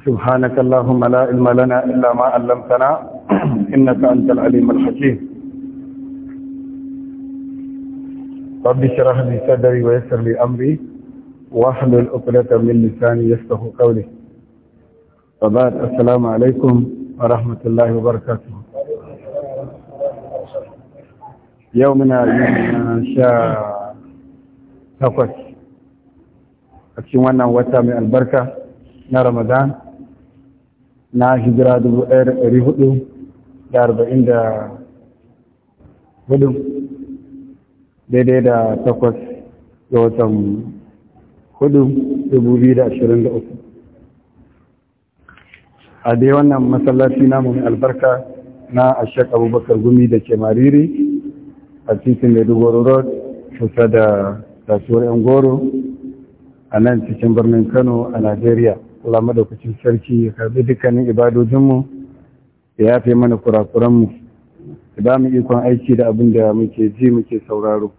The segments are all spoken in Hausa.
سبحانك اللهم لا علم لنا إلا ما علمتنا إنك أنت العليم الحكيم رب شرح لي صدري ويسر لي أمري واحلل الأقلة من لساني يفقهوا قولي وبعد السلام عليكم ورحمة الله وبركاته يومنا يومنا شاء تقوش أكشي وانا wannan البركة na ramadan na hijira dubu ɗaya da ɗari hudu da arba'in da hudu daidai da takwas da watan hudu dubu biyu da ashirin da uku a dai wannan masallaci namu mai albarka na ashek abubakar gumi da ke mariri a titin maiduguri road kusa da tasuwar yan goro a nan cikin birnin kano a najeriya Allah madaukakin sarki ya karbi dukkanin ibadojinmu ya fi mana kurakuranmu da ba mu ikon aiki da abin da muke ji muke sauraro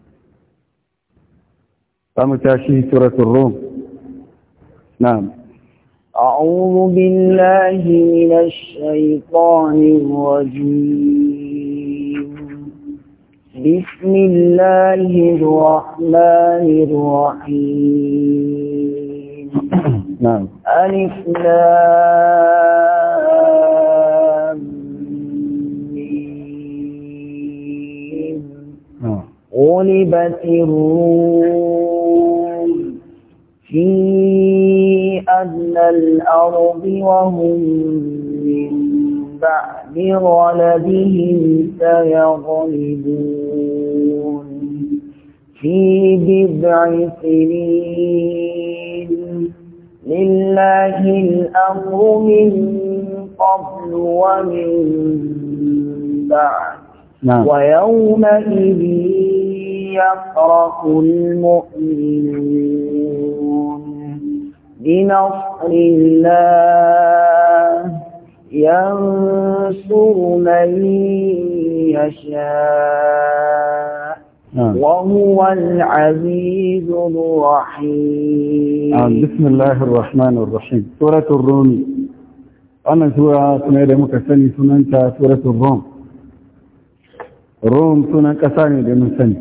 Ba mu tashi suratul rum na'am أعوذ بالله من الشيطان الرجيم بسم الله الرحمن الرحيم نعم ألف غلبت الروم في أدنى الأرض وهم من بعد غلبهم سيغلبون في بضع سنين لله الأمر من قبل ومن بعد نعم. ويومئذ يفرح المؤمنون بنصر الله ينصر من يشاء نعم. وهو العزيز الرحيم آه، بسم الله الرحمن الرحيم سورة الروم أنا سورة سنيرة مكساني سننتا سورة الروم الروم سنة سنة سنة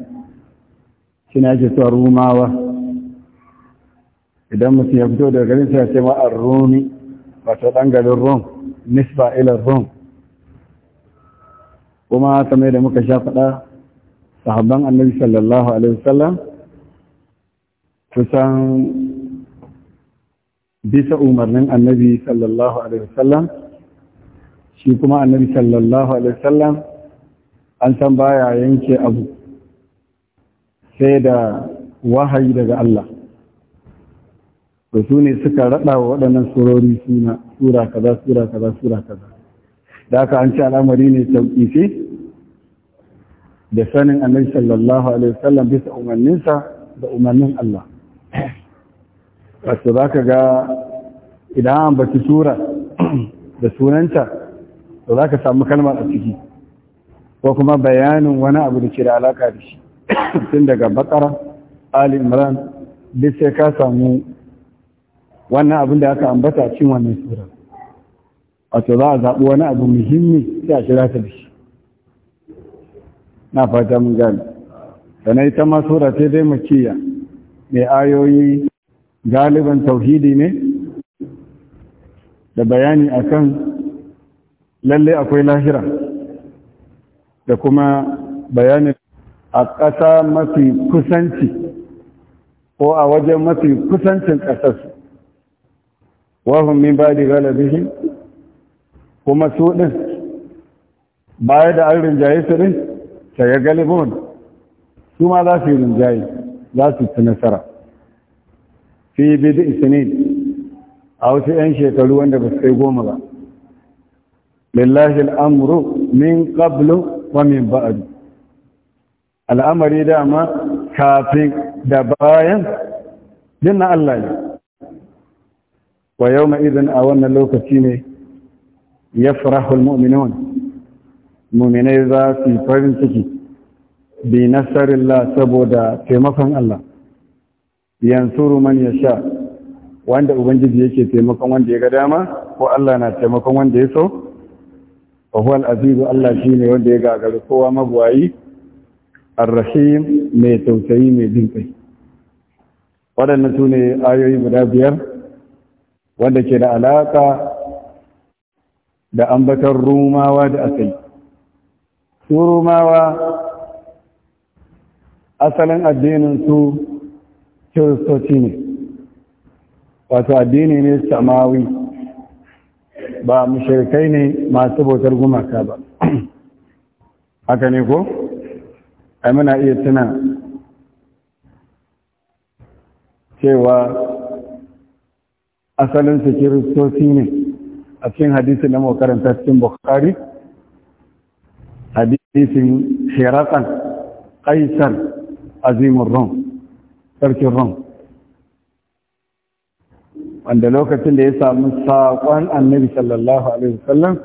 سنعجي سورة الروم إذا ما سيبدو ده قلن سيسمى الرومي فتطنق للروم نسبة إلى الروم وما تميري مكشافة sahabban annabi sallallahu alaihi wasallam kusan bisa umarnin annabi sallallahu alaihi wasallam shi kuma annabi sallallahu alaihi wasallam an san baya yanke abu sai da wahayi daga Allah to su ne suka raɗa wa waɗannan surori suna sura kaza sura kaza sura kaza da aka an ci al'amari ne sauƙi da sanin annabi sallallahu alaihi wasallam bisa umarninsa da umarnin Allah wato ka ga idan an baki sura da sunanta to za ka samu kalmar a ciki ko kuma bayanin wani abu da ke da alaka da shi tun daga bakara ali imran duk sai ka samu wannan abin da aka ambata a cikin wannan sura wato za a zaɓi wani abu muhimmi sai a shirata da shi na fata mun gani sanai ta ma sura ce dai makiya mai ayoyi galiban tauhidi ne da bayani akan lalle akwai lahira da kuma bayani. a ƙasa mafi kusanci ko a wajen mafi kusancin ƙasarsu wahun min ba da galibihi kuma su ɗin baya da an rinjaye su ɗin ta ya su ma za su yi rinjaye za su ci nasara fi bidi isnin a wasu 'yan shekaru wanda ba su kai goma ba lillahi al'amuru min qablu wa min ba'du al'amari dama kafin da bayan dinna Allah ne wa yawma idan a wannan lokaci ne yafrahu al-mu'minun muminai za su yi farin ciki bi nasarillah saboda taimakon Allah yansuru man sha. wanda ubangiji yake taimakon wanda ya ga dama ko Allah na taimakon wanda ya so wa huwa Allah shi Allah shine wanda ya gagari kowa magwayi ar-rahim mai tausayi mai dinkai waɗannan su ne ayoyi guda biyar wanda ke da alaƙa da ambatar rumawa da asali. su asalin addinin su kiristoci ne wato addini ne samawi ba mushirkai ne masu bautar gumaka ba haka ne ko ai muna iya tuna cewa asalin su kiristoci ne a cikin hadisi na makarantar cikin bukari. hadisin shirakan kaisar azimin rom sarkin ran. wanda lokacin da ya samu saƙon annabi sallallahu alaihi wasallam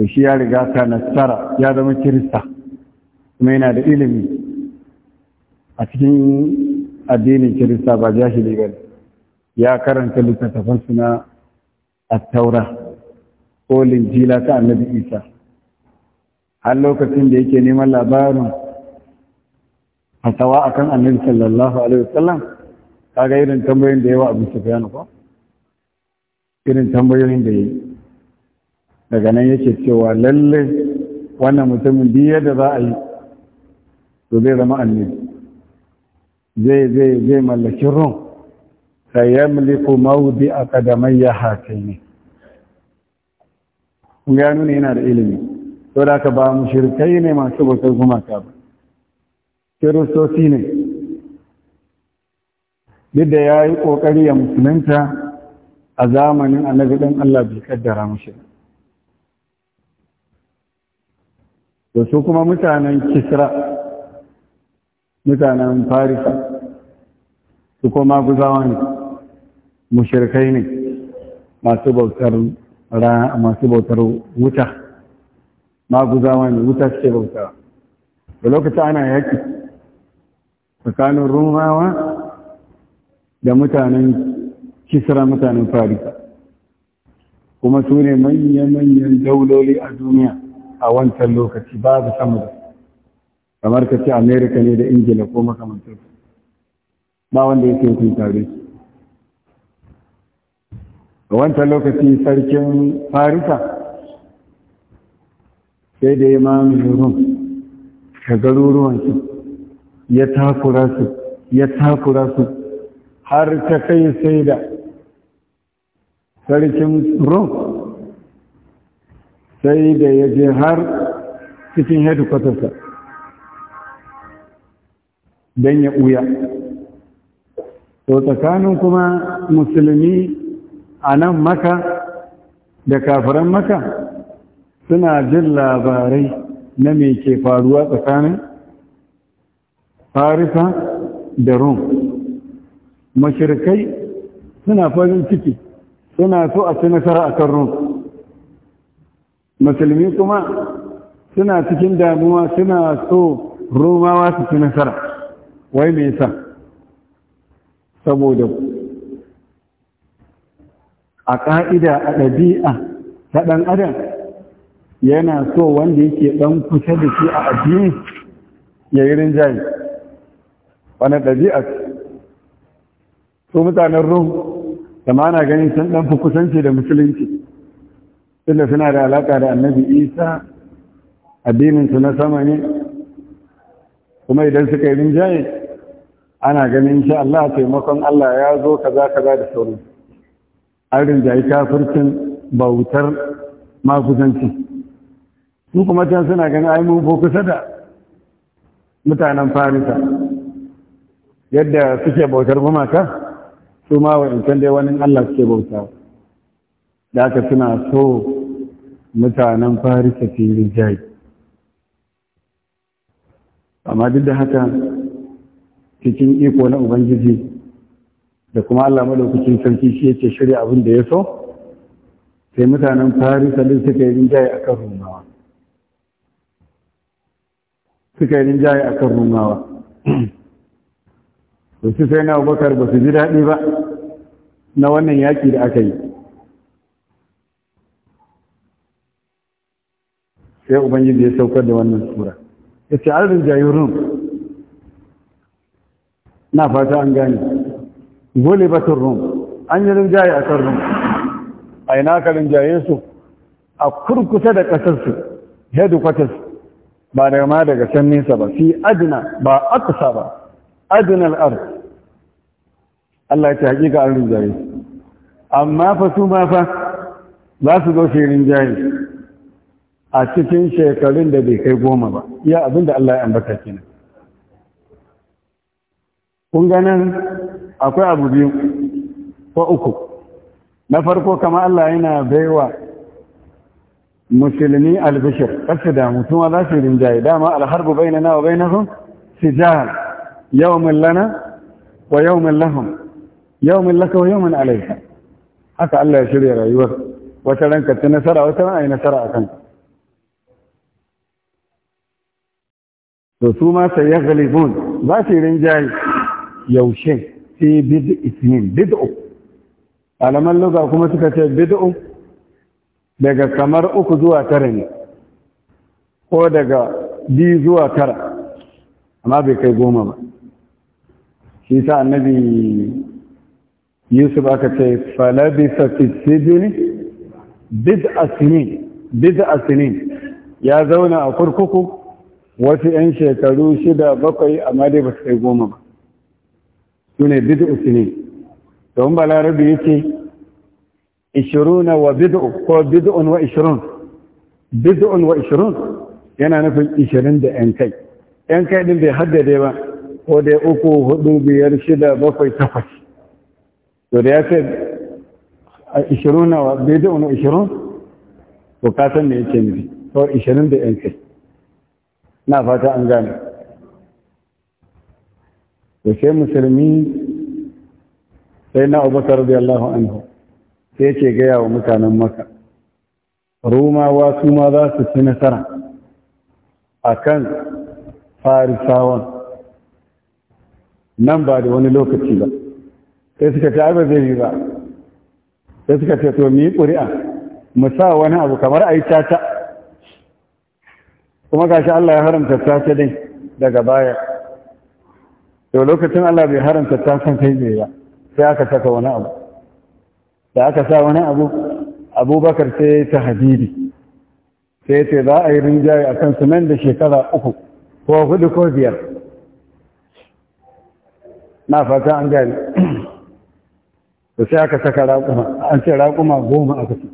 da shi ya riga ka nasara ya zama kirista kuma yana da ilimi a cikin addinin kirista ba jahili ba ya karanta littattafansu na attaura ko linjila ta annabi isa har lokacin da yake neman labarin a a akan annabi sallallahu alaihi wasallam kaga irin tambayoyin da yawa abu sufyan ko irin tambayoyin da yi? daga nan yake cewa lalle wannan mutumin biye da za a yi to zai zama annabi zai zai zai mallaki rum sayamliku mawdi aqdamayya hakaini ya nuna yana da ilimi to da ka ba shirkai ne masu bautar gumaka ba kiristoci ne duk da ya yi ƙoƙari ya musulunta a zamanin annabi ɗan Allah bai kaddara mushi da su kuma mutanen kisra mutanen farisa su kuma guzawa ne mushirkai ne masu bautar wuta maguzawa ne wuta suke bauta da lokacin ana yaki tsakanin rumawa da mutanen kisra mutanen farisa kuma su ne manya-manyan dauloli a duniya a wancan lokaci babu sama da kamar ka ce amerika ne da ingila ko makamantar ba wanda yake hukun tare su a wancan lokaci sarkin farisa sai da ya mamaye rum ruwan garuruwansu ya takura su ya takura su har ta kai sai da sarkin ruwan sai da ya je har cikin hedikwatarsa don ya ɓuya to tsakanin kuma musulmi a nan maka da kafiran maka suna jin labarai na me ke faruwa tsakanin farisa da rom mashirkai suna farin ciki suna so a ci nasara a kan rom musulmi kuma suna cikin damuwa suna so romawa su ci nasara wai me yasa saboda a ka'ida a ɗabi'a ta ɗan adam yana so wanda yake ɗan kusa da shi a addini ya yi rinjaye wani ɗabi'a su mutanen rum da ma na ganin sun ɗan fi da musulunci inda suna da alaƙa da annabi isa addininsu na sama ne kuma idan suka yi rinjaye ana ganin shi Allah taimakon Allah ya zo kaza kaza da sauransu an rinjaye kafircin bautar ma kusanci. su kuma can suna ganin ai mun kusa da mutanen farisa yadda suke bautar gumaka su ma wa'incan dai wani Allah suke bauta da aka suna so mutanen farisa yi rijai amma duk da haka cikin iko na ubangiji da kuma Allah madaukakin sarki shi yake shirya abin da ya so sai mutanen farisa din suka yi a akan rumawa suka yi rinjaye a kan rumawa da su sai na abubakar ba su ji daɗi ba na wannan yaƙi da aka yi sai ubangiji ya saukar da wannan sura ya ce an rinjaye rum na fata an gane gole batun rum an yi rinjaye a kan rum a ina ka rinjaye su a kurkusa da ƙasarsu kwatarsu. ba daga ma daga can nesa ba fi adina ba aqsa ba adina al-ard Allah ya hakika an rinjaye amma fa su ma fa za su zo su rinjaye a cikin shekarun da bai kai goma ba iya abinda Allah ya ambata kenan kun ganin akwai abu biyu ko uku na farko kama Allah yana baiwa مسلمي البشر أسدا مسلم الله سيدنا جاي داما الحرب بيننا وبينهم سجال يوم لنا ويوم لهم يوم لك ويوم عليك حتى الله يشري رأيوه وشلن كتنسر وشلن أين سرع كان رسوما سيغلبون ما سيدنا جاي يوشي في بدء اثنين بدء على ما اللغة أقومتك بدء daga kamar uku zuwa tara ne ko daga biyu zuwa tara amma bai kai goma ba shi sa annabi yusuf aka ce Falabi falabisa fi sijini bid sinin. ya zauna a kurkuku wasu 'yan shekaru shida bakwai amma dai ba su kai goma ba su ne bid asinin don balarabi ya ce ishiruna wa bid'u ko bid'un wa ishirun bid'un wa ishirun yana nufin ishirin da yan kai yan kai din bai haddade ba ko dai uku hudu biyar shida bakwai takwas to da ya ce ishiruna wa bid'un wa ishirun to ka san me yake nufi ko ishirin da yan kai na fata an gane to sai musulmi sai na abubakar radiyallahu anhu sai ke gaya wa mutanen maka romawa su ma za su fi nasara a kan farisawan nan ba da wani lokaci ba sai suka ce ba zai yi ba sai suka ce to mu yi ƙuri'a mu sa wani abu kamar a yi caca kuma gashi Allah ya haramta caca din daga baya to lokacin Allah bai haramta caca kai ne ba sai aka saka wani abu da aka sa wani abu abubakar sai ta hadidi sai ce za a yi rinjaye a kan sunan da shekara uku ko hudu ko biyar na fata an gani da sai aka saka raƙuma an ce raƙuma goma a kusa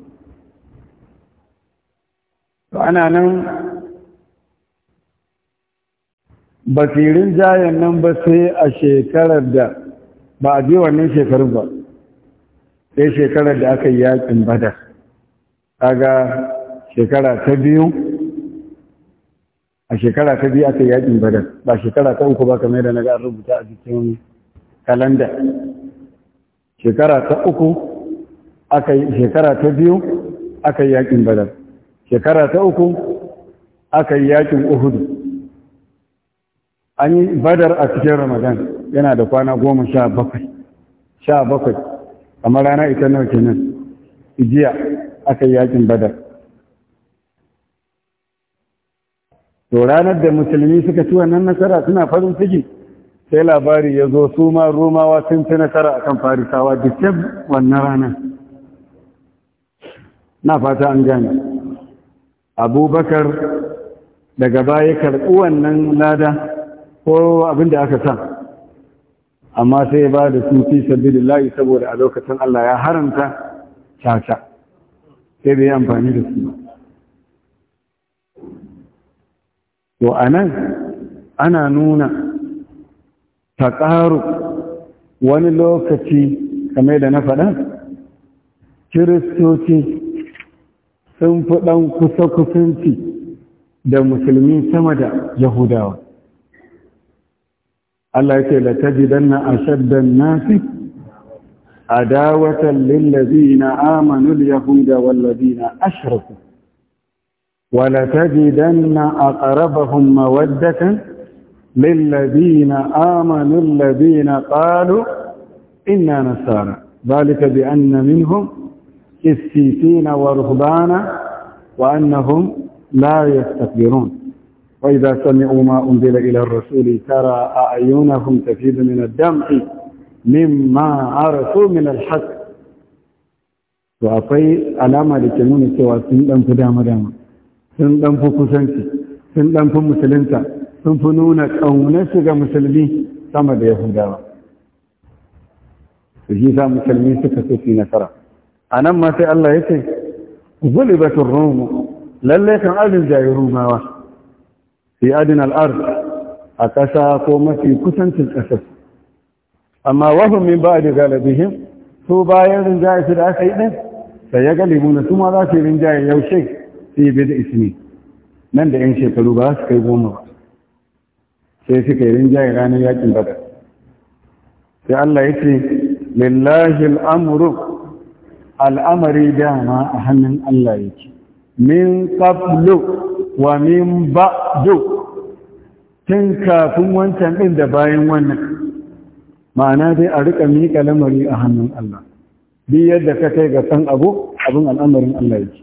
to ana nan basirin jayen nan ba sai a shekarar da ba a je wannan shekarun ba sai shekarar da aka yi yakin badar ga shekara ta biyu a shekara ta biyu aka yi yakin badar ba shekara ta uku ba kamar da na ga rubuta a jikin kalanda shekara ta uku aka yi shekara ta biyu aka yi yakin badar shekara ta uku aka yi yakin uhudu an yi badar a cikin ramadan yana da kwana goma sha bakwai sha bakwai kamar rana ita nawa kenan ijiya aka yakin badar to ranar da musulmi suka ci wannan nasara suna farin ciki sai labari ya zo su ma romawa sun ci nasara akan farisawa duk wannan ranar na fata an gane abubakar daga baya karɓi wannan lada ko abin da aka sa amma sai ya ba da su fi sabilillahi saboda a lokacin Allah ya haramta caca sai da ya amfani da su to a nan, ana nuna ta ƙaru wani lokaci kamar da na faɗa kiristoci sun fi ɗan kusa kusanci da musulmi sama da yahudawa Allah yake la tajidanna ashaddan nasi adawatan lil ladina amanu al yahuda wal ladina ashraku wa la tajidanna aqrabahum mawaddatan lil ladina amanu al ladina qalu inna nasara ذلك بأن منهم السيسين ورهبانا وأنهم لا يستكبرون وإذا سمعوا ما أنزل إلى الرسول ترى أعينهم تفيد من الدمع مما عرفوا من الحق to akwai alama da ke nuna cewa sun dan fi dama dama sun dan fi kusanci sun dan fi musulunta sun fi nuna ƙaunarsu ga musulmi sama da yahudawa su shi sa musulmi suka so nasara a nan ma sai Allah ya ce gulibatun rumu lallai kan azin jayi rumawa fi adin al'ar a ƙasa ko mafi kusancin ƙasar amma wahun min ba da galibihim su bayan rinjaye su da aka yi ɗin sai ya galibu na su ma za su yi rinjaye yaushe su yi bida ismi nan da 'yan shekaru ba su kai goma ba sai suka yi rinjaye ranar yakin badar sai Allah ya ce lillahi al'amuru al'amari dama a hannun Allah yake min qablu wa min duk. tun kafin wancan ɗin da bayan wannan ma'ana dai a riƙa miƙa lamari a hannun Allah bi yadda ka kai ga san abu abin al'amarin Allah yake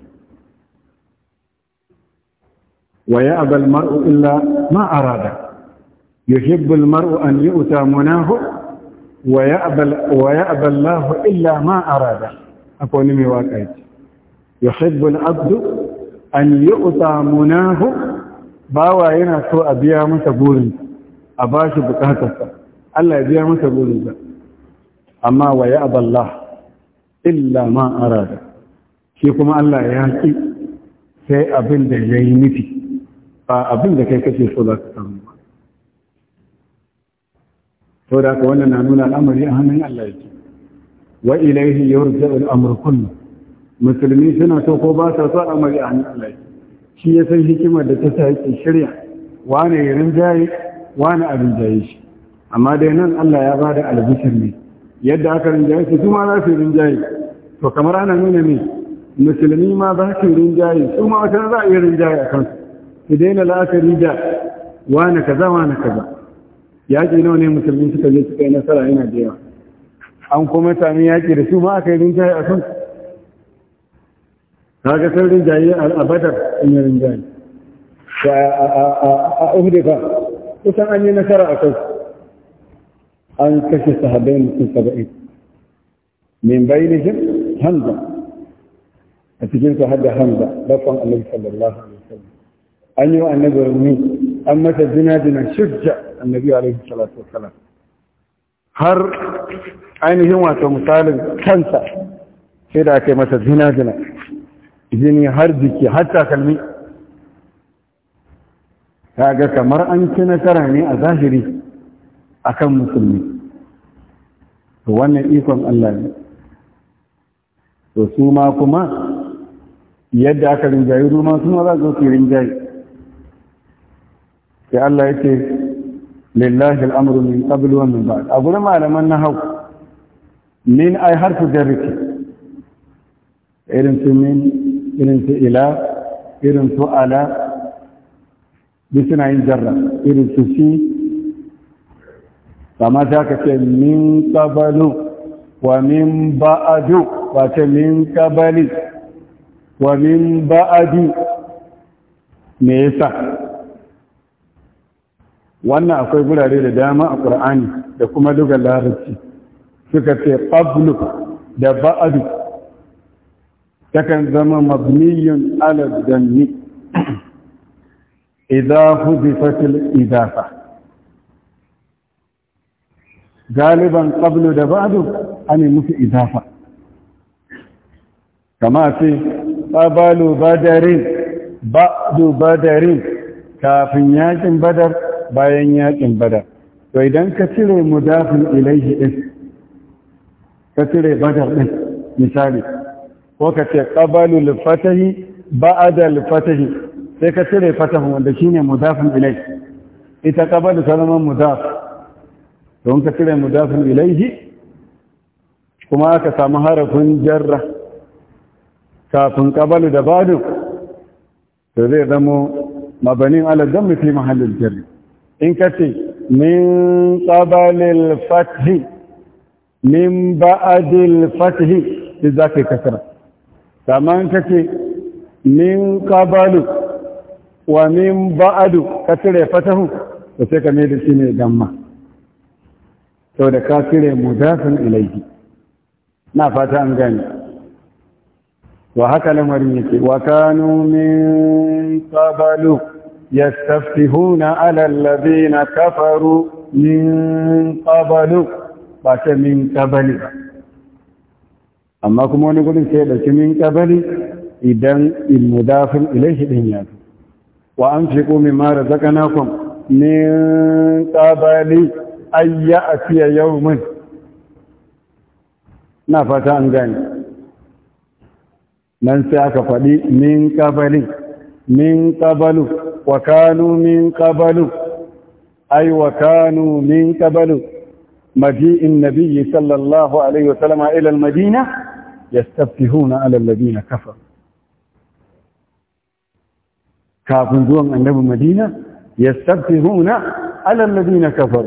wa ya abal mar'u illa ma arada yuhibbu al mar'u an yu'ta munahu wa ya abal wa ya abal aballahu illa ma arada akwai wani mai waka yake yuhibbu al abdu an yu'ta munahu bawa yana so a biya masa burinsa a ba shi bukatarsa Allah ya biya masa burinsa amma wa ya aballah illa ma arada shi kuma Allah ya ki sai abin da ya yi nufi ba abin da kai kake so za ka samu ba to da ka wannan na nuna al'amari a hannun Allah yake wa ilaihi yurja'u al-amru kullu musulmi suna so ko ba sa so al'amari a hannun Allah ce? shi ya san hikimar da ta sa yake shirya wane ya rinjaye wane abin rinjaye shi amma dai nan Allah ya bada albishir ne yadda aka rinjaye su ma za su rinjaye to kamar ana nuna ne musulmi ma za su rinjaye su ma wata za a yi rinjaye a kansu su daina la'akari da wane kaza wane kaza yaƙi nawa ne musulmi suka je suka yi nasara yana da yawa an kuma sami yaƙi da su ma aka yi rinjaye a kansu هذا سر الرنجاية الأبدر من الرنجاية فأهدف وكان أني نشر أقص أن كشف صحابين في من بينهم حمزة أتجين صحابة حمزة بطا النبي صلى الله عليه وسلم أني وأنبي رمي أما تدنا دنا شجع النبي عليه الصلاة والسلام هر ainihin wato misalin kansa sai da ake masa zina jini har jiki har takalmi kaga kamar an ci nasara ne a zahiri akan musulmi to wannan ikon Allah ne to su ma kuma yadda aka rinjayi ruma su ma za su su rinjayi sai Allah ya ce lillahi al'amru min qabl wa min ba'd a gurin malaman hau, min ai harfu jarriki irin su min irin su ila irin su ala duk suna yin jarra irin su shi amma ta ka ce min kabalu wa min ba'adu ba ce min kabali wa min ba'adu me yasa wannan akwai gurare da dama a ƙur'ani da kuma lugar larabci suka ce qablu da ba'adu takan zama mabniyun ala dammi idza hudifat al idafa galiban qablu da ba'du an musu idafa kama ce qabalu badarin ba'du badarin kafin yakin badar bayan yakin badar to idan ka cire mudafin ilaihi din ka cire badar din misali ko ka ce ba a da lufatahi sai ka cire fatahu wanda shine mudafin ilai ita qabalu salaman mudaf don ka cire mudafin ilaihi kuma aka samu harafin jarra kafin ƙabalu da badu to zai zamo mabanin ala mutu mahallin jarri in ka ce min qabalil fathi min ba'dil fathi sai yi kasara saman ka ce min kabalu wa min ba'adu ka cire fatahu da sai ka mai da shi ne damma sau da ka cire zafin ilaihi na fata an gani wa haka lamarin yake wa kanu min kabalu ya na kafaru min kabalu ba ta min kabali ba amma kuma wani gurin sai ya ɗauki min ƙabali idan ilmudafin ilaihi ɗin ya zo wa an fi ƙumi mara zakanakon min ƙabali ayya a fiye yau min na fata an gani nan sai aka faɗi min ƙabali min ƙabalu wa kanu min ƙabalu ai wa kanu min ƙabalu maji'in nabiyyi sallallahu alaihi wasallama ilal madina yastafihuna ala alladhina kafar kafin zuwan annabi madina yastafihuna ala alladhina kafar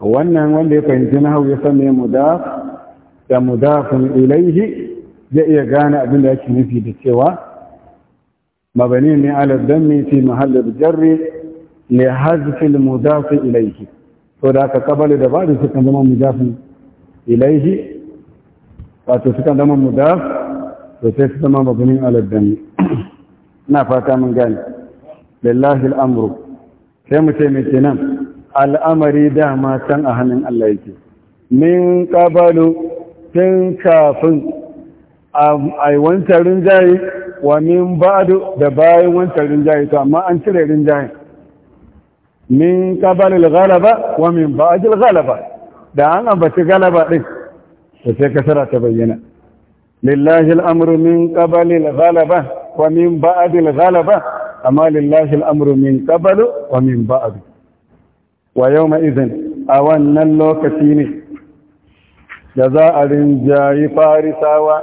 wannan wanda ya fahimci nahawu ya san da mudafin ilaihi zai iya gane abin da yake nufi da cewa مبني من على الدم في محل الجر لحذف المضاف إليه فذاك قبل دبار سكن مضاف ilaihi wato suka zama mudaf to sai su zama mabunin aladdani ina fata mun gani. lillahi al'amru sai mu ce mai nan. al'amari dama can a hannun Allah yake min qabalu tun kafin a yi wancan rinjaye wa min ba'du da bayan wancan rinjaye to amma an cire rinjaye min qabalu al-ghalaba wa min ba'du al-ghalaba da an ambaci galaba ɗin da sai kasara ta bayyana lillahi al'amru min ƙabali al wa min ba'd al amma lillahi al'amru min qablu wa min ba'd wa yawma izin? a wannan lokaci ne da za a rinjayi farisawa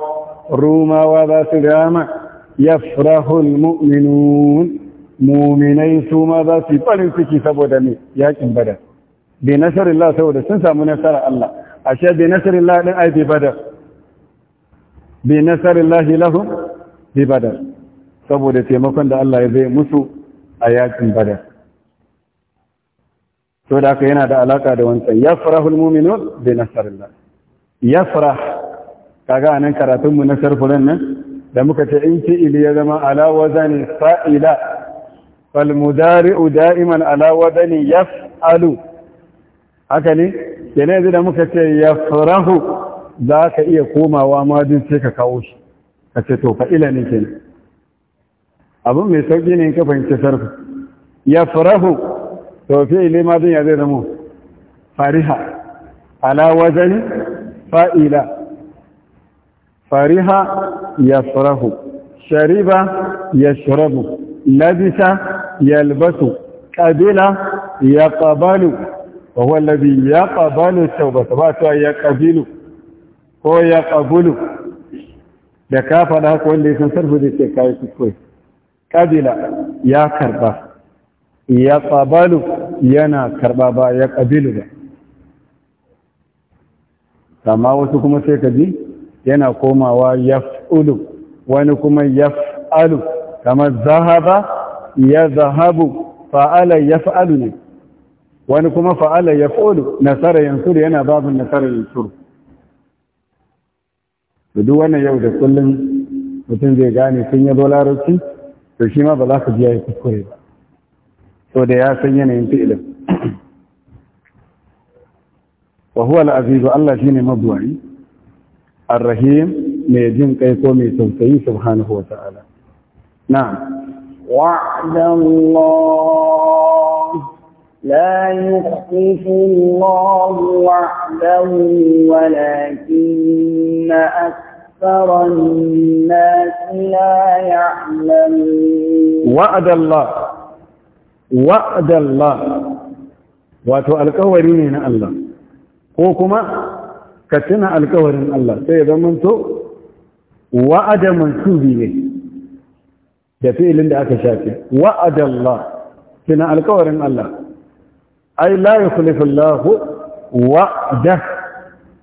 rumawa za su rama yafrahul mu'minun muminai su ma za su yi farin ciki saboda ne yakin badar bi nasarillah saboda sun samu nasara Allah ashe bi nasarillah din ai bi badar bi nasarillah lahum bi badar saboda taimakon da Allah ya bai musu a yakin badar to da haka yana da alaka da wancan yafrahul mu'minun bi nasarillah yafrah kaga anan karatun mu nasar furan nan da muka ce in ili ya zama ala wazani fa'ila fal mudari'u da'iman ala wazani yaf'alu haka ne yana yanzu da muka ce ya farahu za ka iya komawa madin sai ka kawo shi ka ce to fa'ila ne ke abin mai sauƙi ne ka fahimci sarfi ya farahu to ma madin ya zai zama fariha ala wajen fa'ila fariha ya farahu shariba ya shirabu labisa ya yalbasu Kabila ya ƙabalu wa huwa alladhi yaqbalu tawbata ba ta yaqbilu ko yaqbulu da ka faɗa haka wanda ya san sarfi da ke kayi kuskure kabila ya karba ya qabalu yana karba ba ya qabilu ba amma wasu kuma sai kaji yana komawa yaf'ulu wani kuma yaf'alu kamar zahaba ya zahabu fa'ala yaf'alu ne wani kuma fa'ala ya ƙolu nasara yansuru yana babin nasara yansuru da duk wannan yau da kullum mutum zai gane sun yabo rufi? to shi ma ba za su biya ya kuskure ba so da ya san yanayin fi'ilin wa huwa al'azizu Allah shine mabuwari ar mai jin kai ko mai tausayi subhanahu wa ta'ala na لا يخف الله وحده ولكن أكثر الناس لا يعلمون وعد الله وعد الله واتو الكورين الله قوكما كتنا الكورين الله سيدا منتو وعد من سوبيه ده فيه لندي شاكي وعد الله كنا الكورين الله ai la yukhlifu Allah wa'da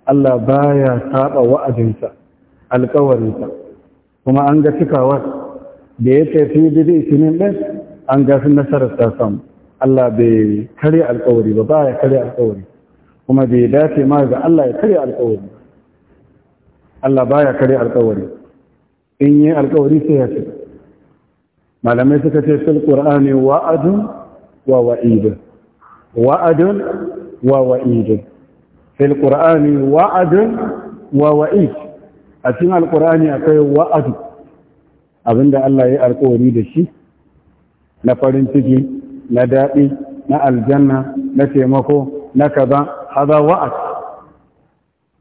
Allah baya saba wa'adinsa alƙawarinsa kuma an ga cikawar da ya tafi da isinin din an ga sun nasarar ta samu Allah bai karya alƙawari ba baya karya alƙawari kuma bai dace ma ga Allah ya karya alƙawari Allah baya karya alƙawari in yi alƙawari sai ya ce malamai suka ce fil qur'ani wa'adun wa wa'idun wa'adun wa wa'idun fil qur'ani wa'adun wa wa'id a cikin alqur'ani akwai wa'adu abinda Allah ya alƙawari da shi na farin ciki na daɗi na aljanna na taimako na kaza hada wa'ad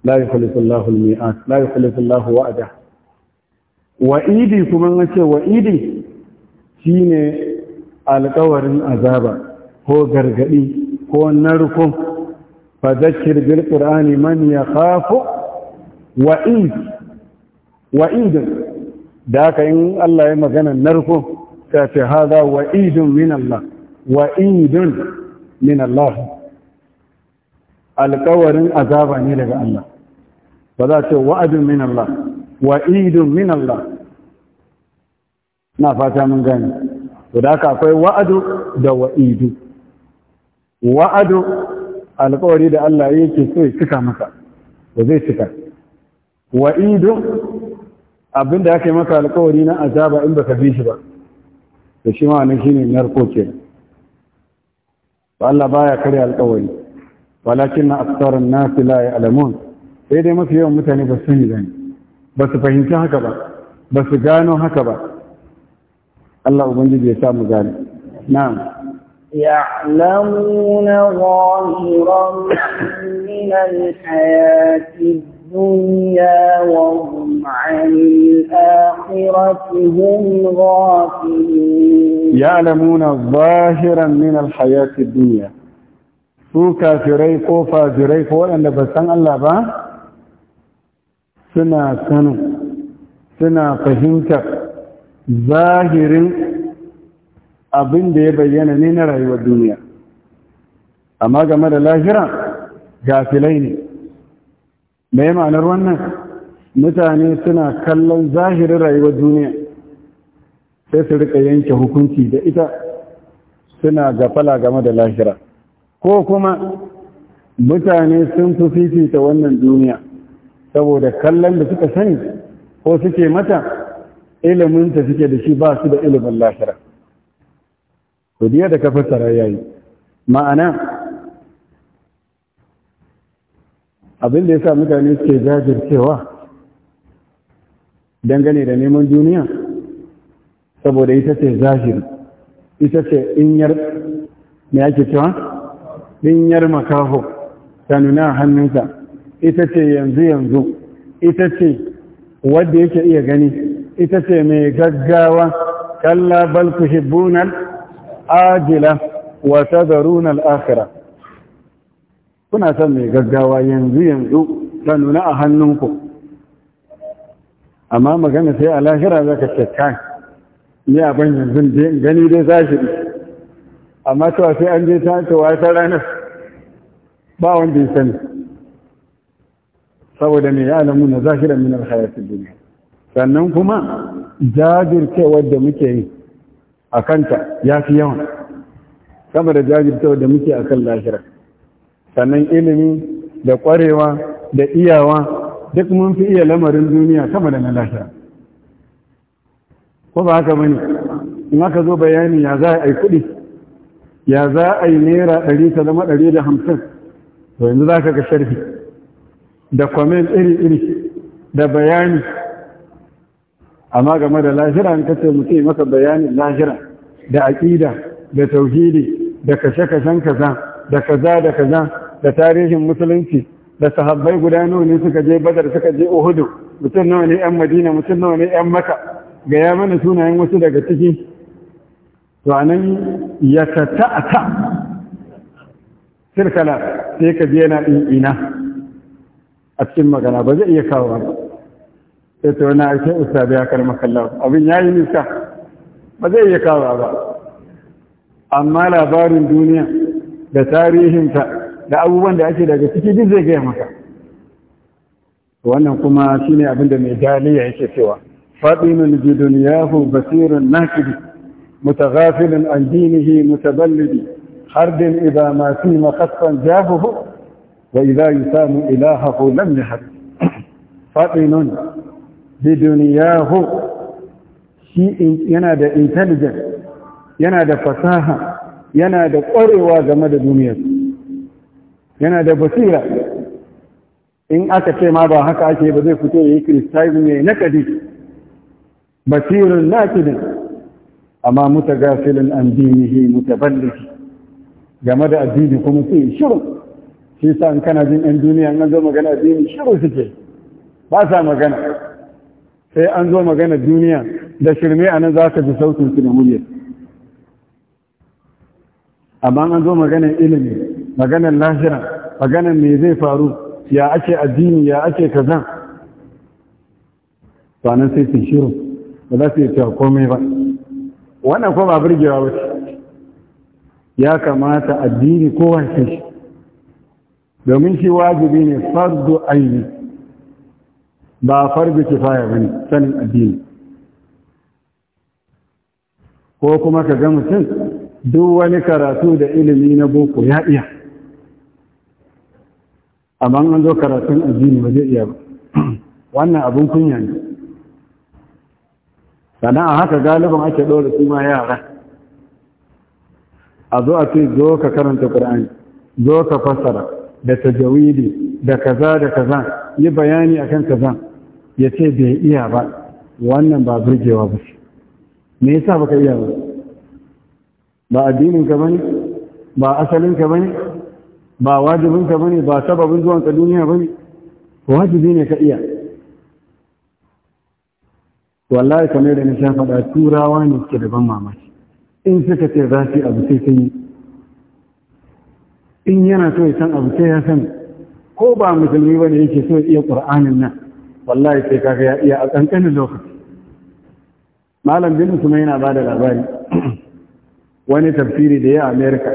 la yukhlifu Allahu al-mi'ad la yukhlifu Allahu wa'ada wa'idi kuma nace ce wa'idi shine alƙawarin azaba ko gargaɗi ko narko fa zakir bil qur'ani man yakhafu wa'id wa'id da haka in Allah ya magana narko ta ce hada wa'idun min Allah wa'idun min Allah alƙawarin azaba ne daga Allah ba za ce wa'adun min Allah wa'idun min Allah na fata mun gani to da haka akwai wa'adu da wa'idu wa'adu alƙawari da Allah yake so ya cika masa da zai cika wa'idu abinda aka yi maka alƙawari na azaba in ka bi shi ba da shi ma shi ne narko kenan Ba Allah baya karya alƙawari lakin na aktsarun nasi la alamun? sai dai mafi yawan mutane ba su sani ba ba su fahimci haka ba ba su gano haka ba Allah ubangiji ya samu gane na'am يعلمون ظاهرا من الحياة الدنيا وهم عن الآخرة هم غافلون يعلمون ظاهرا من الحياة الدنيا سوكا kafirai ko fajirai ko waɗanda ba san Allah ba suna sanin suna abin da ya bayyana ne na rayuwar duniya amma game da lahira gafilai ne mai ma'anar wannan mutane suna kallon zahirin rayuwar duniya sai su rika yanke hukunci da ita suna gafala game da lahira ko kuma mutane sun fi fifita wannan duniya saboda kallon da suka sani ko suke mata ilimin ta suke da shi ba su da ilimin lahira to da ka fassara yayi ma'ana abin da yasa mutane suke jajircewa dangane da neman duniya saboda ita ce zahiri ita ce inyar me ake cewa inyar makaho ta nuna hannunsa ita ce yanzu yanzu ita ce wadda yake iya gani ita ce mai gaggawa kalla bal bunar. ajila wa tadharuna al kuna son mai gaggawa yanzu yanzu ta nuna a hannunku amma magana sai a lahira za ka kyakka ni abin yanzu gani dai za shi amma cewa sai an je ta cewa ranar ba wanda ya sani saboda mai ya alamu na zahirar minar hayatun duniya sannan kuma jajircewar da muke yi a kanta ya fi yawan sama da jajirtawa da muke a kan lahira sannan ilimi da ƙwarewa da iyawa duk mun fi iya lamarin duniya sama da na lahira ko ba haka bane in aka zo bayani ya za a yi kuɗi ya za a yi naira ɗari ta zama ɗari da hamsin to yanzu za ka ga sharfi da kwamen iri-iri da bayani amma game da lahira in kace mutum maka bayanin lahira da aƙida, da tauhidi da kashe-kashen kaza da kaza da kaza da tarihin musulunci da sahabbai guda nawa ne suka je badar suka je uhudu mutum nawa ne yan madina mutum nawa ne yan maka ga ya mana sunayen wasu daga ciki to anan ya ta ta sirkala sai ka je yana ina a cikin magana ba zai iya kawo ba sai ta wani ake ustaz ya karma kallon abin ya yi nisa ba zai iya kawo ba amma labarin duniya da tarihinta da abubuwan da ake daga ciki duk zai gaya maka wannan kuma shine abin da mai daliya yake cewa faɗi bi duniyahu basirun nakibi mutaghafilun an dinihi mutaballidi hardin idza ma fi makhaffan jahuhu wa samu ilaha ko lam yahad fadinun biduniyahu shi yana da intelligence yana da fasaha yana da ƙwarewa game da duniyar yana da basira in aka ce ma ba haka ake ba zai fito ya yi kristaizu ne na kadi basirin nakidin amma muta gafilin an dinihi mutaballiki game da addini kuma sai shirin shi sa in kana jin 'yan duniya an zo magana addini shirin suke ba sa magana sai an zo magana duniya da shirme a nan za ka ji sautinsu da muryar amma an zo maganar ilimi maganar lahira maganar me zai faru ya ake addini ya ake kaza to nan sai su shiru ba za su yi cewa komai ba wannan ko ba burgewa ba ya kamata addini kowa shi domin shi wajibi ne fardu aini ba farbi kifaya bane sanin addini ko kuma ka ga mutum duk wani karatu da ilimi na boko ya iya amma an zo karatun addini ba zai iya ba wannan abin kunya ne sannan a haka galibin ake ɗora su ma yara a zo a ce zo ka karanta ƙur'ani zo ka fassara da tajawidi da kaza da kaza yi bayani akan kaza ya ce bai iya ba wannan ba burgewa ba shi, me yasa baka iya ba ba addinin ka bane ba asalin ka bane ba wajibin ka bane ba sababin zuwan ka duniya bane wajibi ne ka iya wallahi kamar da na sha faɗa turawa ne suke da ban mamaki in suka ce za su yi abu sai sun yi in yana so ya san abu sai ya san ko ba musulmi bane yake so ya iya ƙur'anin nan wallahi sai kaga ya iya a kankanin lokaci malam bin kuma yana ba da labari wani tafsiri da ya amerika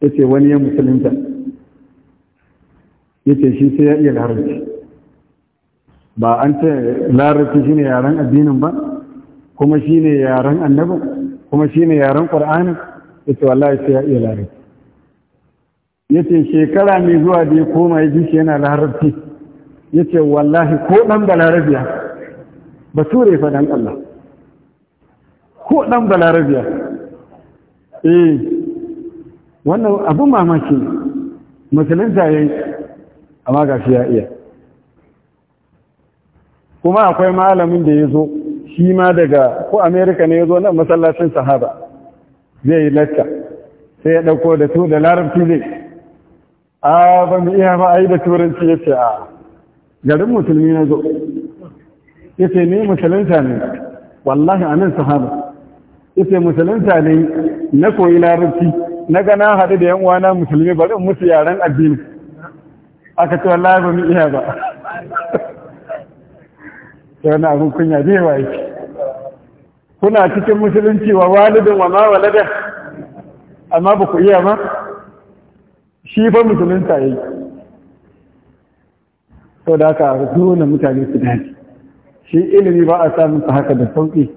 ya ce wani ya musulunta ya ce shi sai ya iya larabci ba an ce larabci shi ne yaren addinin ba kuma shi ne yaren annabin kuma shi ne yaren ƙwar'anin ya ce wallahi sai ya iya larabci ya ce shekara mai zuwa da ya koma ya ji shi yana larabci ya ce wallahi ko ɗan balarabiya ture fa ɗan Allah ko ɗan balarabiya eh wannan abin mamaki musulunta ya yi amma ga ya iya kuma akwai malamin da ya zo shi ma daga ko amerika ne ya zo nan masallacin sahaba zai yi latta sai ya ɗauko da tu da larabci zai a ah, ba mu iya ba a yi da turanci ya ce a ah. garin musulmi na zo ya ce ne musulunta ne wallahi a nan sahaba ya ce musulunta ne na koyi larabci na gana haɗu da yanwa na musulmi bari musu yaren addini aka ce wallahi ba mu iya ba ya na abin kunya zai waye kuna cikin musulunci wa walidin wa ma walada amma ba ku iya ba shi fa musulunta yake. yi sau da haka dole mutane su dace shi ilimi ba a samun sa haka da sauƙi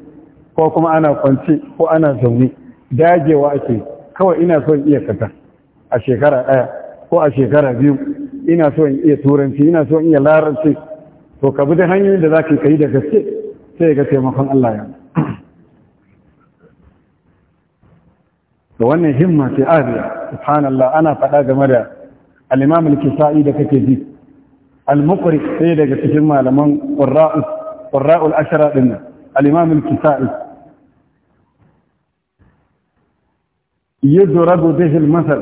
ko kuma ana kwance ko ana zaune dagewa ake kawai ina son iya kaza a shekara ɗaya ko a shekara biyu ina so in iya turanci ina so in iya larabci to ka bi da hanyoyin da za ka kai da gaske sai ga taimakon Allah ya da wannan himma ce ariya subhanallah ana faɗa game da al-imam al-kisa'i da kake ji المقري إيه سي دغ تشين مالمن قراء قراء الاشرا دنا الامام الكسائي يضرب به المثل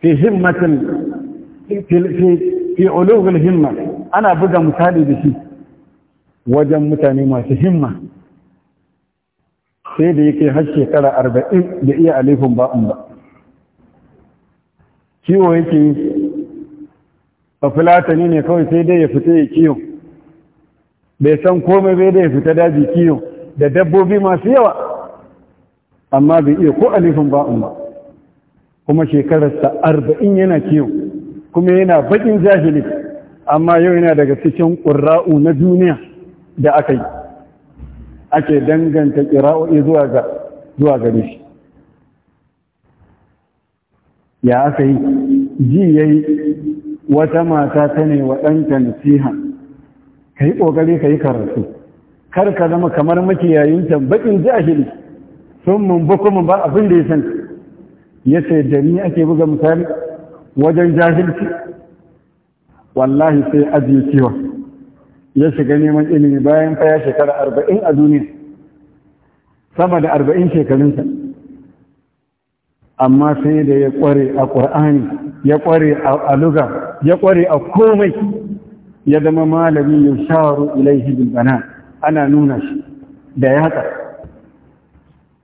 في همة في في في علو الهمة أنا بجا مثالي به وجم متاني ما في همة سيدي كي هشي كلا أربعين لإيه عليهم باء مباء هو ويكي ba ne kawai sai dai ya fita ya kiyo bai san komai bai da ya fita daji kiyo da dabbobi masu yawa amma bai iya ko alifin ba'un ba kuma shekararsa arba'in yana kiyo kuma yana bakin zahili amma yau yana daga cikin ƙura'u na duniya da aka yi ake danganta ƙira'o'i zuwa zuwa gare shi ya aka yi ji ya yi wata mata ta ne wa ɗanta nasiha ka yi ƙoƙari ka yi karatu kar ka zama kamar makiyayin can baƙin jahili sun mun ba mun ba abin da ya san ya ce da ni ake buga misali wajen jahilci wallahi sai ajiye kiwa ya shiga neman ilimi bayan faya shekara arba'in a duniya sama da arba'in shekarunsa amma sai da ya kware a ƙur'ani ya kware a luga ya kware a komai ya zama malami ya shawaru ilaihi bil bana ana nuna shi da ya haka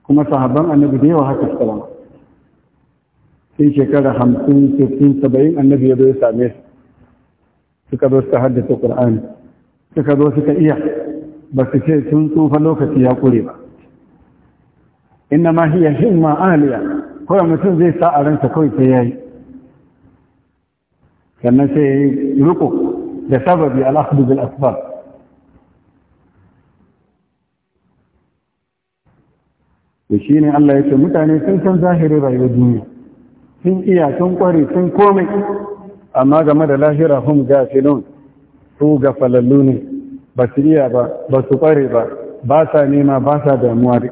kuma sahabban annabi da yawa haka suka zama sai shekara hamsin sittin saba'in annabi ya zo same su suka zo suka haddasa ƙur'ani suka zo suka iya ba su ce sun tsufa lokaci ya ƙure ba inna ma hiya himma aliya kawai mutum zai sa a ransa kawai sai ya yi sannan sai ya yi riko da sababi al'ahdu bil asbab da shi ne Allah ya ce mutane sun san zahirin rayuwar duniya sun iya sun kware sun komai amma game da lahira hum filon su falallu ne ba su iya ba ba su kware ba ba sa nema ba sa damuwa duk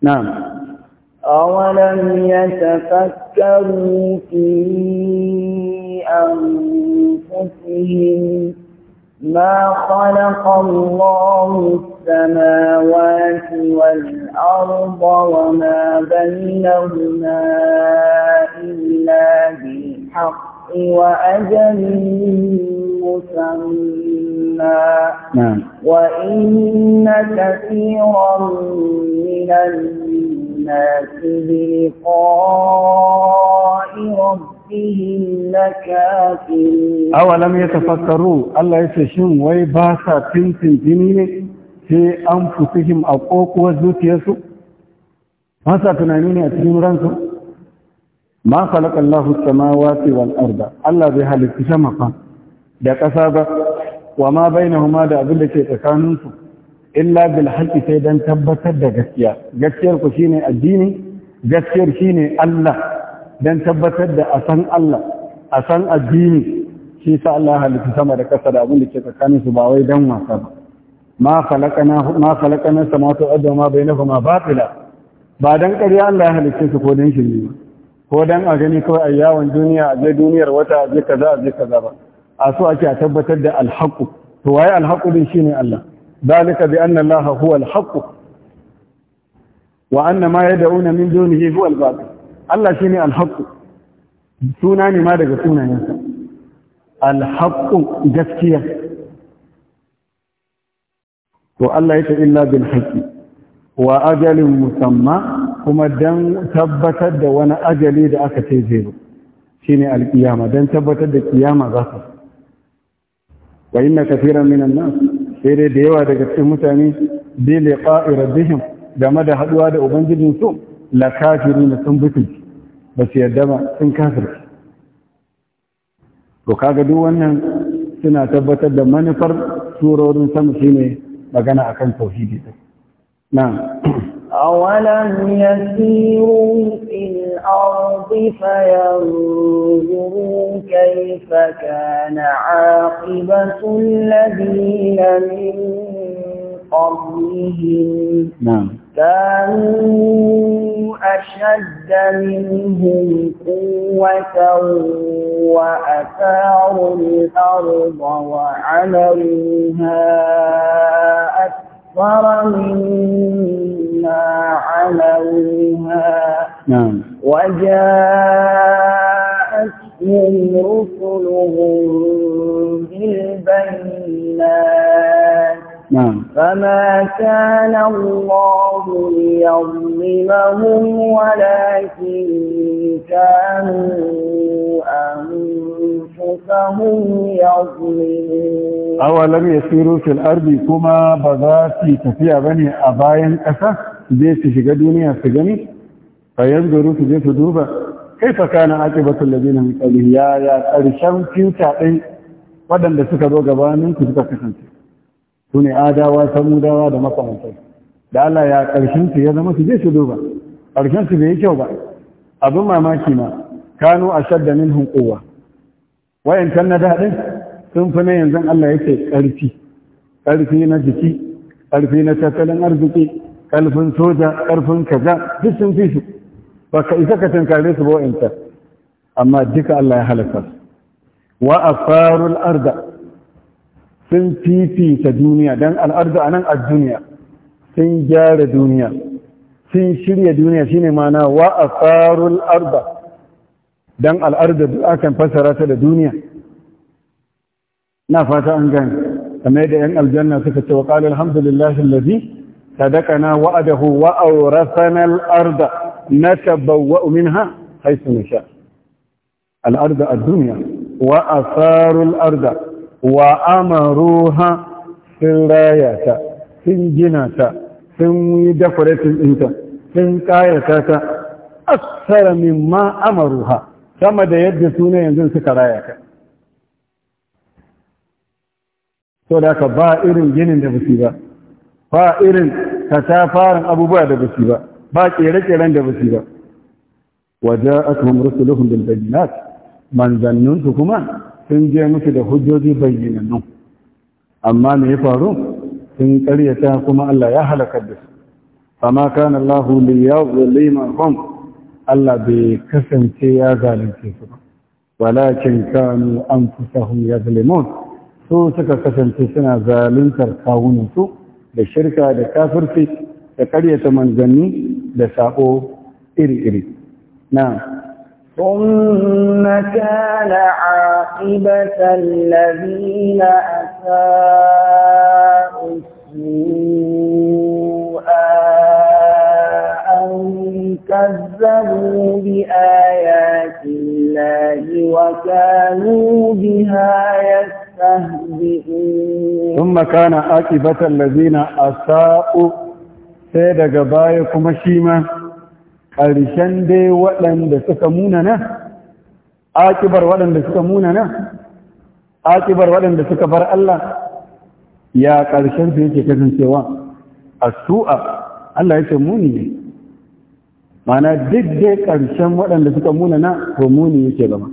na أولم يتفكروا في أنفسهم ما خلق الله السماوات والأرض وما بينهما إلا بالحق وأجل مسمى نعم. وإن كثيرا من الناس الناس بلقاء ربهم لكافرين أو لم يتفكروا الله يسشون ويباسا تنسن جنين في أنفسهم أو وزوت يسو ما ساتنانين أتنين رانسو ما خلق الله السماوات والأرض الله بها لكشمقا da ƙasa ba wa ma bai na da abin da ke tsakaninsu illa bil haqqi sai dan tabbatar da gaskiya gaskiyar ku shine addini gaskiyar shine Allah dan tabbatar da a san Allah a san addini shi sa Allah halittu sama da ƙasa, da abin da ke tsakanin su ba wai dan wasa ba ma khalaqana ma samatu samawati wal ardi ma bainahuma batila ba dan ƙarya Allah ya halitta su ko dan shirme ba ko dan a gani kawai a yawon duniya a je duniyar wata a je kaza a je kaza ba a so ake a tabbatar da alhaqu to waye alhaqu din shine Allah ذلك بأن الله هو الحق وأن ما يدعون من دونه هو الباطل الله شيني الحق سوناني ما دقى سوناني الحق جفتية والله يتع إلا بالحق وأجل مسمى كما دم ثبتت وانا أجلي دعك تيزيرو شيني القيامة دم ثبتت القيامة ذاته وإن كثيرا من الناس sai da yawa daga cikin mutane bi liqa'i rabbihim game da haduwa da ubangijin su la na sun bukin ba su yarda ba sun kafir to kaga duk wannan suna tabbatar da manufar surorin sama shine magana akan tauhidi na awalan yasiru in الأرض فينظروا كيف كان عاقبة الذين من قبلهم نعم كانوا أشد منهم قوة وأثاروا الأرض وعملوها أكثر أكثر مما علوها نعم وجاءتهم رسلهم بالبينات نعم فما كان الله ليظلمهم ولكن كانوا أن فهم يظلمون أولم يسيروا في الأرض كما بذاتي تفيع بني أبايا أسا زي في قدوني سجني فينظروا في زي تدوبة كيف كان عاقبة الذين من قبله يا يا أرشان كيوتا إن ودن دسك دوغة غبانين كتبا كسنتي سوني آداوا سموداوا دمقا منتج da Allah ya ƙarshen su ya zama su je su duba ƙarshen su bai yi kyau ba abin mamaki ma kanu ashadda minhum quwwa wayancan na daɗin sun fi na yanzu Allah yake ƙarfi ƙarfi na jiki ƙarfi na tattalin arziki ƙarfin soja ƙarfin kaza duk sun fi su ba ka isa ka tankare su ba wayancan amma duka Allah ya halaka su wa asfarul arda sun fifita duniya don al'arda a nan a duniya sun gyara duniya sun shirya duniya shine mana wa asfarul arda don al'arda da akan fasara ta da duniya na fata an gani kamar da ‘yan aljanna suka ce wa ƙali alhamdulillahi lalazi sadakana wa'adahu wa'aurasana al'arda na tabawa minha haisu nisha al'arda a duniya wa asarul arda wa amaruha sun raya ta sun gina ta sun yi decorating ɗinta sun ƙayata ta aksara min ma amaruha sama da yadda suna yanzu suka raya ka so da ka ba irin ginin da busi ba ba irin katafarin abubuwa da busi ba ba kere-keren da busi ba waje akwam rusuluhun bil bayyinat manzanninsu kuma sun je musu da hujjoji bayyanannu amma me ya faru sun karyata kuma Allah ya halakar da su amma kana Allah li yuzlimahum Allah bai kasance ya zalunce su ba walakin kanu an ya zalimun, su suka kasance suna zaluntar kawunan su da shirka da kafirci da karyata manzanni da sako iri-iri na ثم كان na الذين أساءوا كذبوا بآيات الله وكانوا بها يستهزئون ثم كان عاقبة الذين أساءوا سيد قبايكم شيما ƙarshen dai waɗanda suka munana akibar waɗanda suka munana akibar waɗanda suka bar Allah ya ƙarshen su yake kasancewa a Allah ya ce muni ne mana duk dai ƙarshen waɗanda suka muna na to muni yake zama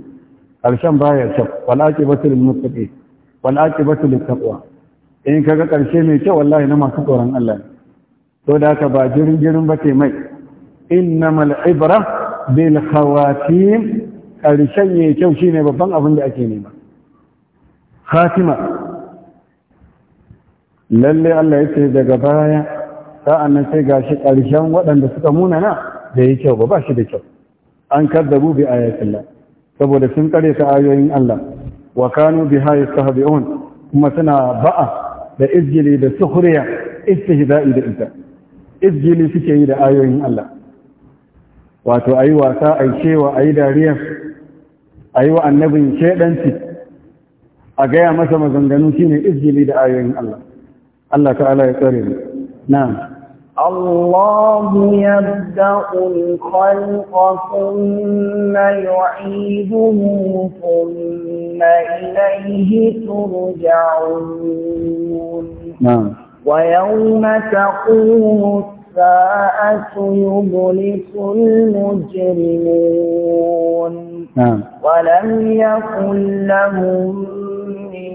ƙarshen baya kyau wal'aƙi ba su lulmuttaƙi wal'aƙi ba su lulmuttaƙwa in kaga ƙarshe mai kyau wallahi na masu tsoron Allah ne to da haka ba jirin jirin ba ke mai innamal ibra bil khawatim ƙarshen yayi kyau shine babban abin da ake nema khatima lalle Allah yake daga baya sa'annan sai gashi ƙarshen waɗanda suka munana da yi kyau ba ba shi da kyau an kaddabu bi Allah. saboda sun kare ta ayoyin Allah wa kanu hayy yastahbi'un kuma suna ba'a da izjili da sukhriya istihza'i da ita izjili suke yi da ayoyin Allah wato ayi wasa ayi cewa ayi dariya ayi wa annabin shedanci a gaya masa maganganu shine izjili da ayoyin Allah Allah ta'ala ya tsare mu na'am الله يبدأ الخلق ثم يعيده ثم إليه ترجعون نعم ويوم تقوم الساعة يبلس المجرمون نعم ولم يكن لهم من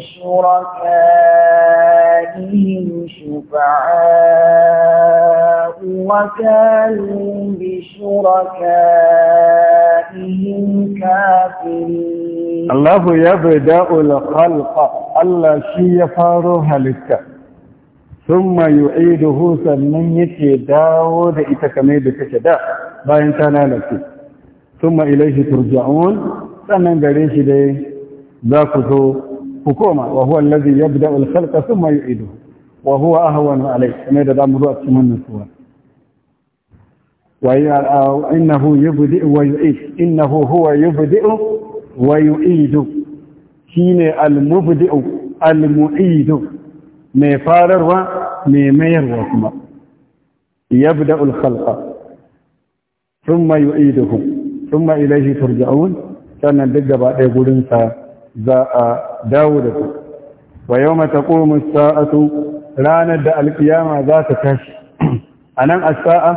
شركائهم شفعاء وكانوا بشركائهم كافرين الله يبدأ الخلق الله شي هلك لك ثم يعيده سنن يكي داود إتكمي بكشدا باين تنالك ثم إليه ترجعون سنن gare shi حكومة وهو الذي يبدأ الخلق ثم يعيده وهو أهون عليه كما يدى مرؤة سمن النسوان وإنه يبدئ ويعيد إنه هو يبدئ ويعيد كين المبدئ المعيد مفارر وميمير وكما يبدأ الخلق ثم يعيده ثم إليه ترجعون كان الدقاء بعد za a dawo da su wa yau mata komu sa'atu ranar da alkiyama za ta tashi a nan a sa'a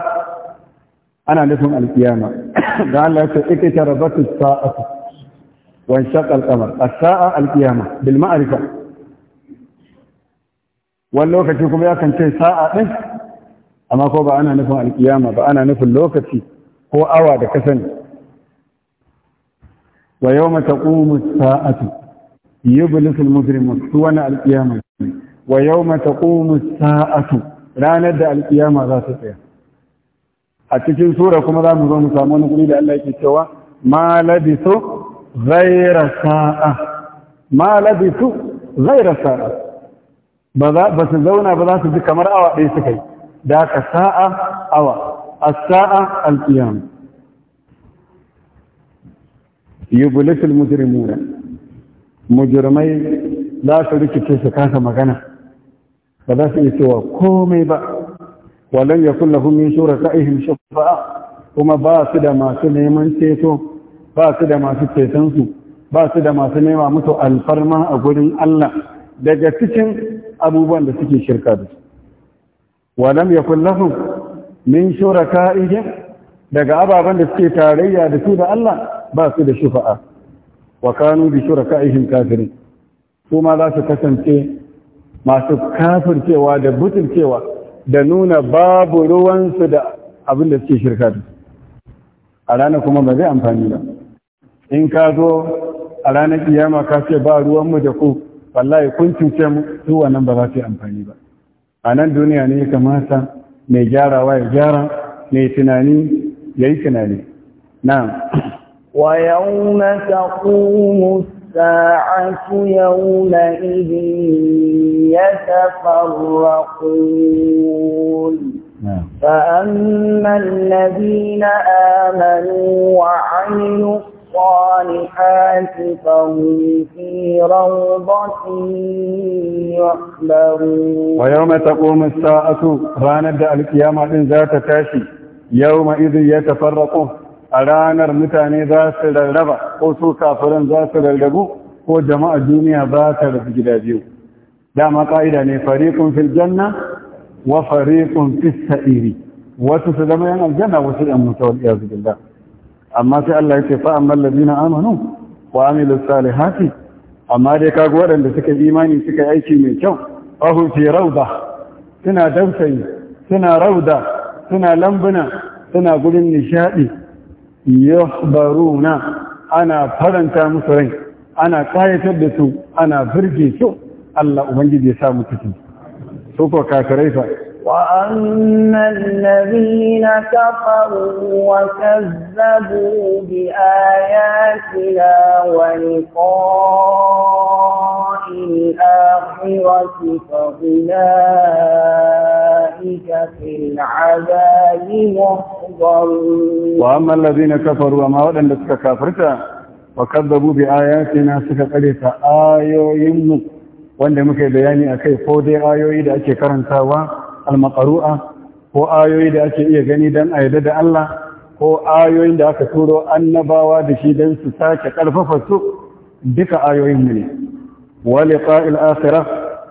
ana nufin alkiyama da Allah ta ita ta rabatu sa'atu wani shakal kamar a sa'a alkiyama bil ma'arika wani lokaci kuma ya kan ce sa'a ɗin amma ko ba ana nufin alkiyama ba ana nufin lokaci ko awa da ka sani wa yawma taqumu as-sa'atu yublis al-mujrimun suwana al-qiyamah wa yawma taqumu as-sa'atu ranar da al-qiyama za ta tsaya a cikin sura kuma za mu zo mu samu wani guri da Allah yake cewa ma labisu ghayra sa'a ma labisu zauna ba za su ji kamar awa ɗaya suka yi da ka sa'a awa saa yubulitul mujrimuna mujrimai za su rikice su kasa magana ba za su iya cewa komai ba walan yakun lahum min shuraka'ihim shafa'a kuma ba su da masu neman ceto ba su da masu cetonsu ba su da masu neman musu alfarma a gurin Allah daga cikin abubuwan da suke shirka da su walam yakun lahum min shuraka'ihim daga ababen da suke tarayya da su da Allah ba su da shufa'a wa kanu bi shuraka'ihim kafirin su ma za su kasance masu kafircewa da butulcewa da nuna babu ruwansu da abin da suke shirka da a ranar kuma ba zai amfani ba in ka zo a ranar kiyama ka ce ba ruwanmu da ku wallahi kun cuce mu su wannan ba za su yi amfani ba a nan duniya ne ya kamata mai gyarawa ya gyara mai tunani ya yi tunani na ويوم تقوم الساعة يومئذ يتفرقون نعم. فأما الذين آمنوا وعملوا الصالحات فهم في روضة يحبرون ويوم تقوم الساعة رانا القيامة إن ذات تاشي يومئذ يتفرقون a ranar mutane za su rarraba ko su kafiran za su rarrabu ko jama'a duniya ba ta rasu gida biyu dama ƙa'ida ne fariƙun fil janna wa fariƙun fis sa'iri wasu su zama yan aljanna wasu yan mutu wal iyaz billah amma sai Allah yake fa amma allazina amanu wa amilus salihati amma dai kaga waɗanda suka imani suka aiki mai kyau ahum fi rawda suna dausayi suna rauda suna lambuna suna gurin nishaɗi. yuhbaruna ana faranta musu rai ana kayatar da su ana birge su Allah ubangiji ya sa mu ci su ko kafirai fa Wa وأما الذين كفروا وكذبوا wa ولقاء في الآخرة فأولئك في العذاب محضرون وأما الذين كفروا وما ودن لك كافرتا وكذبوا بآياتنا سكقلت آيوهم wanda muka yi bayani a kai ko dai ayoyi da ake karantawa almakaru'a ko ayoyi da ake iya gani don a da Allah ko ayoyin da aka turo annabawa da shi don su sake ƙarfafa su duka ayoyin ne ولقاء الآخرة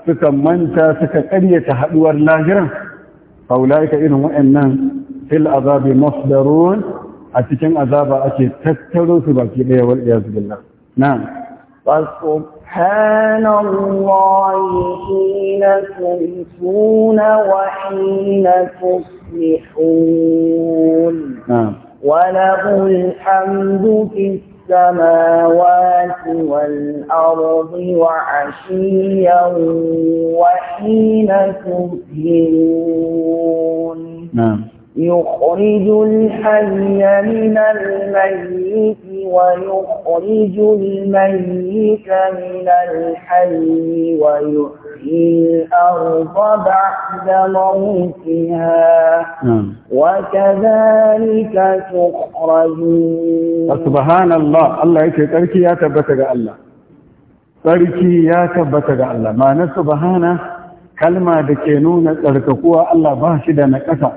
سكن من سكن أن حدور لاهرة أولئك إنهم أن في العذاب مصدرون أتكن أذاب أتي تستروا في بكي والعياذ بالله نعم فسبحان الله حين تنسون وحين تصلحون نعم وله الحمد في السماوات والأرض وعشيا وحين تبهرون نعم يخرج الحي من الميت ويخرج الميت من الحي ويخرج الأرض بعد موتها وكذلك تخرجون سبحان الله الله يكي تركي يا تبتك الله تركي يا تبتك الله ما نسبحانه kalma da ke nuna tsarkakuwa Allah ba shi da naƙasa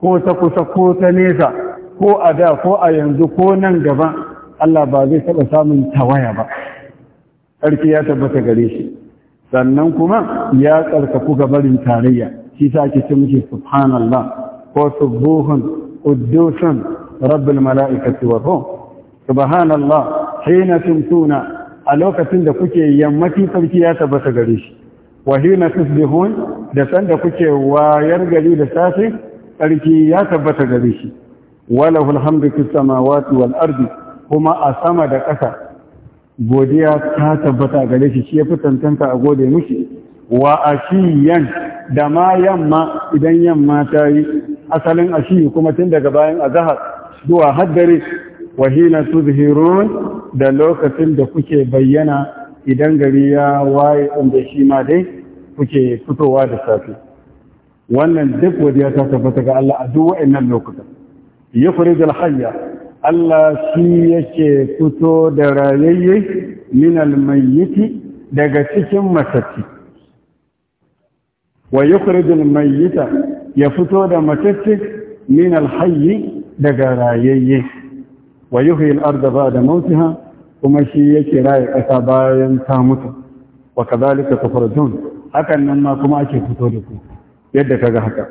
ko ta kusa ko ta nesa ko a da ko a yanzu ko nan gaba Allah ba zai taɓa samun tawaya ba. Sarki ya tabbata gare shi. sannan kuma ya tsarkaku ga barin tarayya shi sa ake ce muke subhanallah ko subuhun uddusun rabbul mala'ikati wa ruh subhanallah hina tumtuna a lokacin da kuke yammaci sarki ya tabbata gare shi wa hina tusbihun da sanda kuke wayar gari da safe sarki ya tabbata gare shi walahul hamdu fis samawati wal ardi kuma a sama da ƙasa godiya ta tabbata gare shi shi ya fi tantanta a gode mishi wa a yan da ma yamma idan yamma ta yi asalin shi kuma tun daga bayan a zahar zuwa haddare wa hina zihiru da lokacin da kuke bayyana idan gari ya waye inda shi ma dai kuke fitowa da safe wannan duk godiya ta tabbata ga Allah a duk wa'annan lokutan Yi hayya Allah shi yake fito da rayayye min almayyiti daga cikin matatti wa yukhrijul mayyita ya fito da matatti min alhayyi daga rayayye wa yuhyil arda ba'da mautiha kuma shi yake raye ƙasa bayan ta mutu wa kadhalika tukhrajun hakan nan ma kuma ake fito da ku yadda kaga haka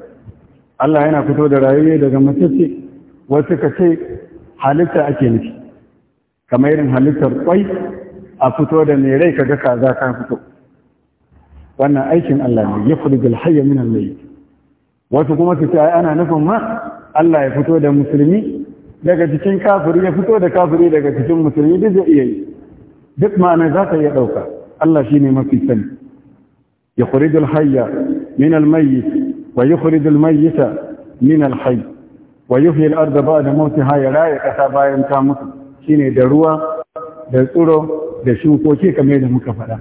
Allah yana fito da rayayye daga matatti wasu ka ce Halittar ake nufi kamar irin halittar kwai a fito da mai rai ka kaga kaza ka fito wannan aikin Allah ne ya kuri bilhayya minan mai wasu kuma su ce ana nufin ma Allah ya fito da musulmi daga cikin kafiri ya fito da kafiri daga cikin musulmi duk zai iya yi duk ma'ana za ka iya ɗauka Allah shi ne mafi sani ya kuri bilhayya minan mai wa ya kuri bilmayyita minan hayya wa yuhyi al ardha ba'da mawtiha ya kasa bayan ta mutu shine da ruwa da tsuro da shukoki kamar da muka faɗa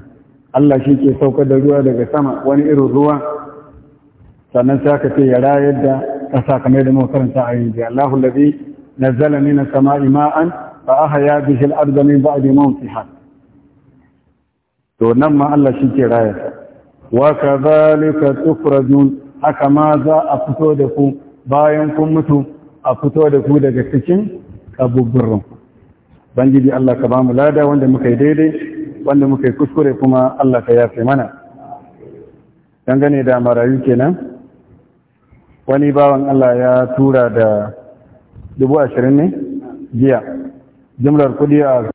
Allah shi ke saukar da ruwa daga sama wani irin ruwa sannan sai aka ce ya rayar da kasa kamar da muka karanta a yanzu Allahu ladhi nazzala minas sama'i ma'an fa ahya bihi al ardha min ba'di mawtiha to nan ma Allah shi ke raya ta wa kadhalika tukhrajun haka ma za a fito da ku bayan kun mutu a fito da ku daga cikin kabuburun bangiji Allah ka bamu lada wanda muka yi daidai wanda muka yi kuskure kuma Allah ka yafe mana dangane da marayu kenan wani bawan Allah ya tura da dubu ashirin ne jiya jimlar kudi a